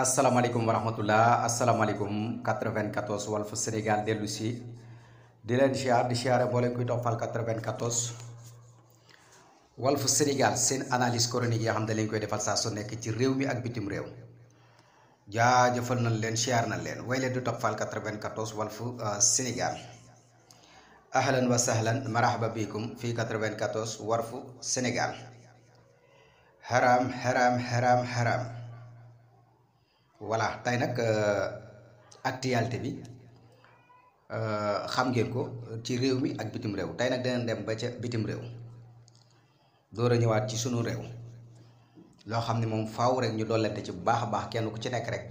asalaamaaleykum wa rahmatullah asalaamaaleykum 94 Walf Sénégal dellu si di leen siyaar di siyaare mboolem kuy toppal 94 Walf Sénégal seen analyse chronique yoo xam ne lañ koy defal saa su nekk ci réew mi ak bitim réew jaajëfal nañ leen siyaar nañ leen way leen di toppal 94 Walf euh, Sénégal ahlan wa sahlan marhaba bikum fii 94 Walf Sénégal haram haram haram haram voilà tey nag euh, actualité bi euh, xam ngeen ko euh, ci réew mi ak bitim réew tey nag dinañ dem ba ca bitim réew door a ñëwaat ci sunu réew loo xam ne moom faw rek ñu dollante ci bu baax a baax kenn ku ci nekk rek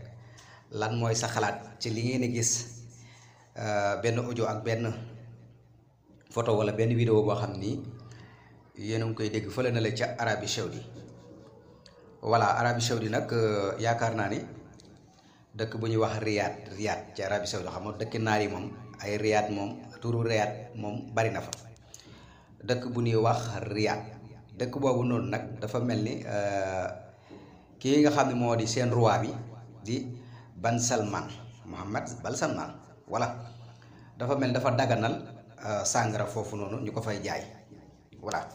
lan mooy sa xalaat ci li ngeen di gis benn audio ak benn photo wala benn vidéo boo xam ni yéen a ngi koy dégg fële na la ca Arabie Saoudi voilà Arabie Saoudi nag yaakaar naa ni. dëkk bu ñuy wax Riyad Riyad ci Arabie Saoudite xam nga dëkk naar yi moom ay Riyad moom turu Riyad moom bari na fa dëkk bu ñuy wax Riyad dëkk boobu noonu nag dafa mel ni euh, kii nga xam ne moo di seen roi bi di Ban Salman Mohammed Ban Salman voilà dafa mel ni dafa daganal euh, sàngara foofu noonu ñu ko fay jaay voilà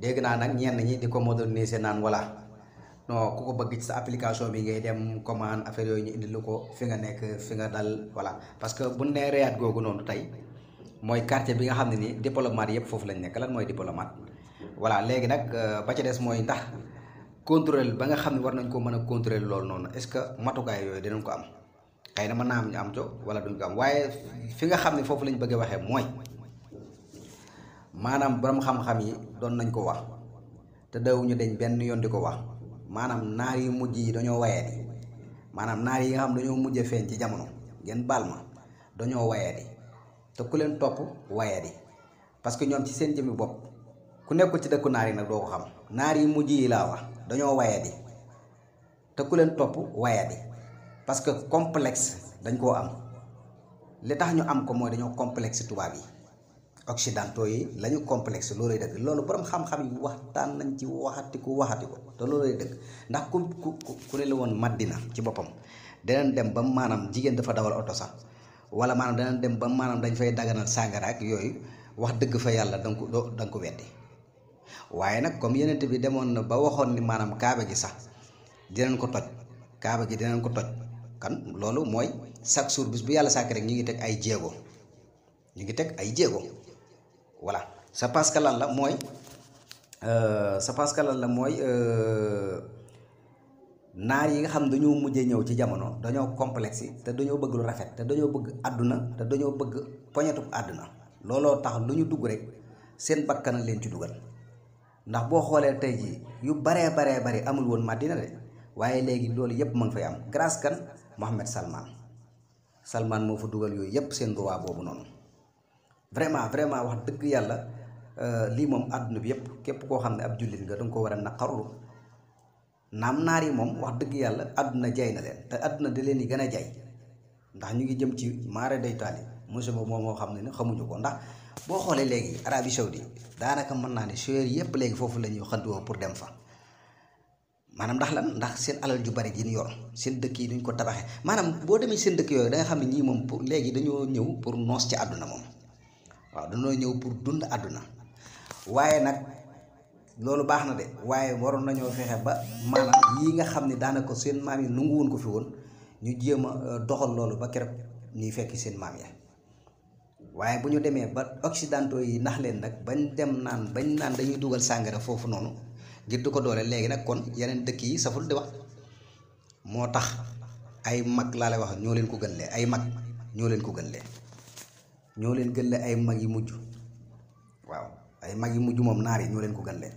dégg naa nag ñenn ñi di ko moderniser naan voilà. non ku ko bëgg ci sa application bi ngay dem commande affaire yooyu ñu indi la ko fi nga nekk fi nga dal voilà parce que bu nee Riyad googu noonu tey mooy quartier bi nga xam ne nii diplomate yëpp foofu lañ nekk lan mooy diplomate. voilà léegi nag euh, ba ci des mooy ndax contrôle ba nga xam ne war nañ ko mën a contrôler loolu noonu est-ce que matukaay yooyu dinañ ko am xëy na mën naa am ni am co wala duñ ko am waaye fi nga xam ne foofu lañ bëgg waxee mooy maanaam borom xam-xam yi doon nañ ko wax te dawuñu dañ benn yoon di ko wax. maanaam naar yi mujj yi dañoo wayadi maanaam naar yi nga xam dañoo mujj feeñ ci jamono ngeen baal ma dañoo wayadi te ku leen topp wayadi parce que ñoom ci seen jëmmi bopp ku nekkul ci dëkku naar yi nag doo xam naar yi mujj yi laa wax dañoo wayadi te ku leen topp wayadi parce que complexe dañ koo am li tax ñu am ko mooy dañoo complexe tubaab yi. occidentaux yi la ñu complexe loolay dëgg loolu borom xam-xam yi waxtaan nañ ci waxati ku waxati ko te loolay dëgg ndax ku ku ku ne la woon Madina ci boppam danañ dem ba maanaam jigéen dafa dawal oto sax wala maanaam danañ dem ba maanaam dañ fay daganal sàngara ak yooyu wax dëgg fa yàlla danga ko da nga ko weddi waaye nag comme yenent bi demoon na ba waxoon ni maanaam kaaba gi sax dinañ ko toj kaaba gi dinañ ko toj kan loolu mooy chaque jour bis bu yàlla sàkk rek ñu ngi teg ay jéego ñu ngi teg ay jéego voilà c'est parce que lan la mooy c'est euh, parce que lan la mooy euh, naar yi nga xam dañoo mujjee ñëw ci jamono dañoo complexe te dañoo bëgg lu rafet te dañoo bëgg àdduna te dañoo bëgg poñetu àdduna looloo tax lu ñu dugg rek seen bakkan leen ci dugal ndax boo xoolee tey jii yu baree baree bari amul woon Madina de waaye léegi loolu yëpp mën fay am grâce kan Mohamed Salman Salman moo fa dugal yooyu yëpp seen droit boobu noonu vraiment vraiment wax dëgg yàlla euh, lii moom àdduna bi yëpp képp koo xam ne ab jullit nga danga ko war a naqarlu naam naar yi moom wax dëgg yàlla àdduna jaay na leen te àdduna di leen yi gën a jaay ndax ñu ngi jëm ci maare day taali musiba moom moo xam ne ne xamuñu ko ndax boo xoolee léegi Arabie Saoudi daanaka mën naa ne chauffeur yëpp léegi foofu la ñuy xantuwoo pour dem fa maanaam ndax lan ndax seen alal ju bari ji ñu yor seen dëkk yi duñ ko tabaxee maanaam boo demee seen dëkk yooyu da nga xam ñii moom pour léegi dañoo ñëw pour noos ci àdduna moom waaw dañoo ñëw pour dund àdduna waaye nag loolu baax na de waaye waroon nañoo fexe ba maanaam yii nga xam ne daanaka seen maam yi nangu woon ko fi woon ñu jéem a euh, doxal loolu ba keroog ñuy fekk seen maam ya waaye bu ñu demee ba occidentaux yi nax leen nag bañ dem naan bañ naan dañuy dugal sàngara foofu noonu ngir du ko doole léegi nag kon yeneen dëkk yi saful di wax moo tax ay mag laa lay wax ñoo leen ko gën ay mag ñoo leen ko gën ñoo leen gën le ay mag yi mujj waaw ay mag yi mujj moom naar yi ñoo leen ko gën le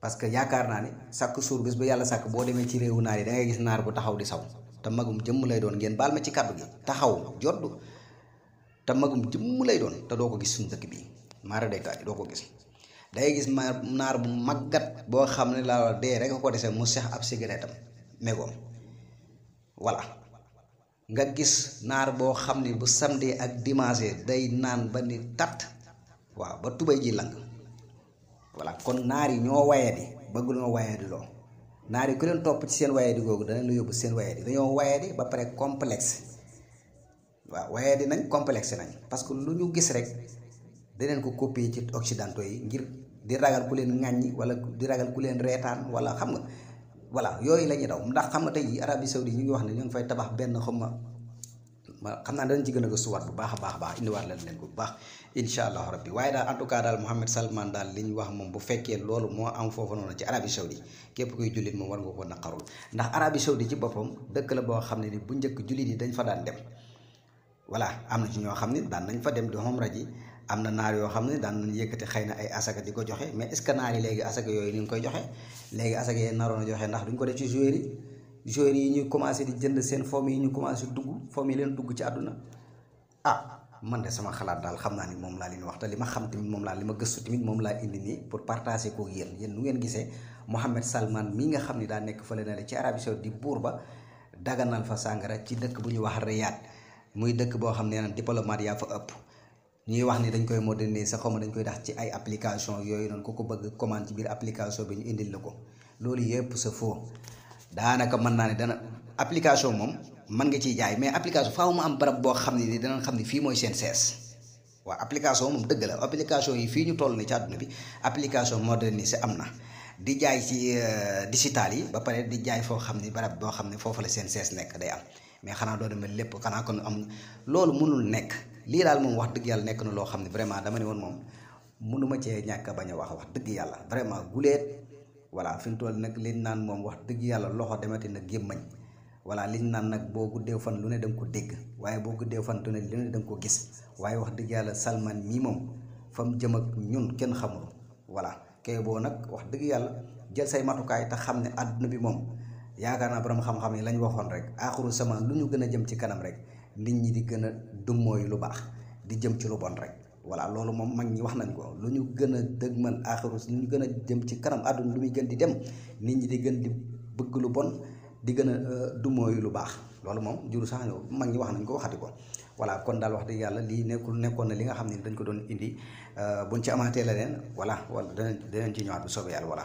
parce que yaakaar naa ne sàkk suur bés ba yàlla sàkk boo demee ci réewu naar yi da ngay gis naar bu taxaw di saw te magum jëmm lay doon ngeen baal ci kàddu taxaw jodd te magum jëmm lay doon te doo ko gis suñ dëkk bii maara day taal doo ko gis day gis ma naar bu màggat boo xam ne la dee rek ko desee mu seex ab sigaretam mégoom voilà nga gis naar boo xam ni bu samedi ak dimanche day naan ba ni tat waaw ba tubay ji lang voilà kon naar yi ñoo wayadi bëgg loo wayadi loo naar di ku leen topp ci seen wayadi googu dana la yóbbu seen wayadi dañoo wayadi ba pare complexe waaw di nañ complexe nañ parce que lu ñu gis rek daneen ko copier ci occidentaux yi ngir di ragal ku leen ŋàññi wala di ragal ku leen reetaan wala xam nga voilà yooyu la ñuy daw ndax xam nga tey jii Arabie ñu ngi wax ne ñu ngi fay tabax benn xam ma xam naa danañ ci gën a bu baax baax a baax indiwaat leen leen ko bu baax incha allah rabbi waaye daal en tout cas daal Mohamed Salman daal li ñu wax moom bu fekkee loolu moo am foofu noonu ci Arabie Saoudite képp kuy jullit moom war nga ko naqarul ndax Arabie Saoudite ci boppam dëkk la boo xam ne ni bu njëkk jullit yi dañ fa daan dem voilà am na ci ñoo xam ne daan nañ fa dem di umra ji am na naar yoo xam ne daan nañ yëkkati xëy na ay asaka di ko joxe mais est-ce que naar yi léegi asaka yooyu ni ñu koy joxe léegi asaka yee naroon a joxe ndax duñ ko def ci yi joueurs commencé di jënd seen forme ñu commencé dugg forme yi leen dugg àdduna ah man de sama xalaat daal xam naa ni moom laa leen wax te li ma xam tamit moom laa li ma gëstu tamit moom laa indi nii pour partager ko yéen yéen nu ngeen gisee Mohamed Salman mii nga xam ni daa nekk fële na le ci Arabie Saoudite di buur ba daganal fa sàngara ci dëkk bu ñu wax Riyad muy dëkk boo xam ne diplomate yaa fa ëpp ñuy wax ni dañ koy moderniser xaw ma dañ koy dax ci ay application yooyu noonu ko ko bëgg commande ci biir application bi ñu indil la ko loolu yëpp sa faux daanaka mën naa ne dana application moom mën nga ciy jaay mais application faaw mu am barab boo xam ne ni dana xam ne fii mooy seen sees waaw moom dëgg la application yi fii ñu toll ni ci àdduna bi application modernisée am na di jaay ci euh, digital yi ba pare di jaay foo xam ne barab boo xam ne foofu la seen sees nekk day am mais xanaa doo demee lépp xanaa kon am loolu mënul nekk lii daal moom wax dëgg yàlla nekk na loo xam ne vraiment dama ne woon moom mënuma cee ñàkk a bañ a wax wax dëgg yàlla vraiment guleet voilà fi mu toll nag liñ naan moom wax dëgg yàlla loxo demati na gémmañ voilà liñ naan nag boo guddee fan lu ne da nga dégg waaye boo guddee fan lu ne da nga ko waaye wax dëgg yàlla Salman mii moom fa jëm ak ñun kenn xamul voilà kay boo nag wax dëgg yàlla jël say matukaay te xam ne àdduna bi moom yaakaar naa borom xam-xam yi lañ waxoon rek aaxiru samaan lu ñu gën a jëm ci kanam rek. nit ñi di gën a dummooyu lu baax di jëm ci lu bon rek voilà loolu moom mag ñi wax nañ ko lu ñu gën a dëgmal aaxiru lu ñu gën a jëm ci kanam àdduna lu muy gën di dem nit ñi di gën di bëgg lu bon di gën a euh, dumooyu lu baax loolu moom juru sax ñoo mag ñi wax nañ ko waxati ko voilà kon daal wax dëgg yàlla lii nekkul nekkoon na li nga xam ne dañ ko doon indi euh, buñ ci amaatee leneen voilà wala danañ danañ ci ñëwaat bu soobee yàlla voilà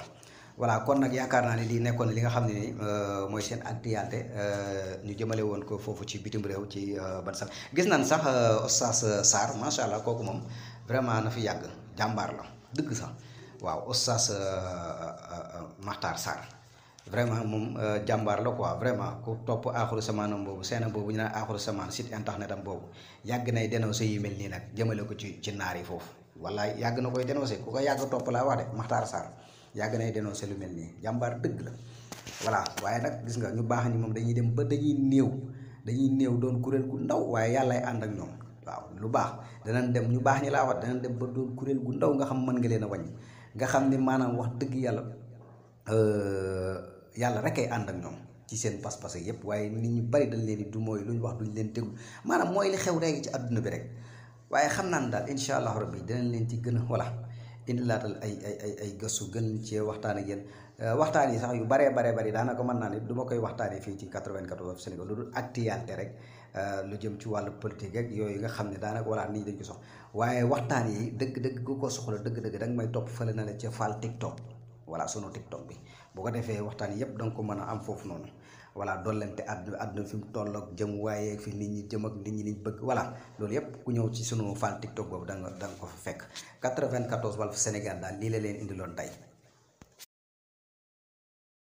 voilà kon nag yaakaar naa ne lii nekkoon li nga xam ne ni euh, mooy seen actualité euh, ñu jëmale woon ko foofu ci bitim réew ci euh, ban sax gis nañ sax Oustaz Sarr macha allah kooku moom vraiment na fi yàgg jàmbaar la dëgg sax waaw Oustaz Makhtar Sarr vraiment moom jàmbaar la ko vraiment ku topp aaxuru samaanam boobu seenam boobu ñu naan aaxuru samaan site internet am boobu yàgg nay dénoncé yu mel nii nag jëmale ko ci ci naar yi foofu wallaay yàgg na koy dénoncé ku ko yàgg topp laa wax de yàgg nay dénoncé lu mel nii jàmbaar dëgg la voilà waaye nag gis nga ñu baax ñi moom dañuy dem ba dañuy néew dañuy néew doon kuréel gu ndaw waaye yàllaay ànd ak ñoom waaw lu baax danañ dem ñu baax ñi laa wax dem ba doon kuréel gu ndaw nga xam mën nga leen a wañ nga xam ni maanaam wax dëgg yàlla euh, yàlla rek ay ànd ak ñoom ci seen pas-pas yëpp waaye nit ñu bari dañ leen di du mooy lu ñu wax duñ leen déglu maanaam mooy li xew léegi ci àdduna bi rek waaye xam naa ne daal incha allah leen ci gën voilà indi laatal ay ay ay ay gën cee waxtaan ak yéen euh, waxtaan yi sax yu baree bare bari daanaka mën naa ne duma koy koy waxtaanee fii ci 94 Sénégal lu dul actualité rek euh, lu jëm ci wàllu politique rek yooyu nga xam ne daanaka wala nit ñi dañ ko soxla waaye waxtaan yi dëgg dëgg ku ko soxla dëgg dëgg danga may topp fële na la ca Fall TikTok voilà sunu TikTok bi bu ko defee waxtaan yëpp danga ko mën a am foofu noonu. voilà dollante àdduna àdduna fi mu toll ak jëm waaye fi nit ñi jëm ak nit ñi liñ bëgg voilà loolu yëpp ku ñëw ci sunu fan TikTok boobu da nga da nga ko fa fekk 94 Walf Sénégal daal lii la leen indiloon tey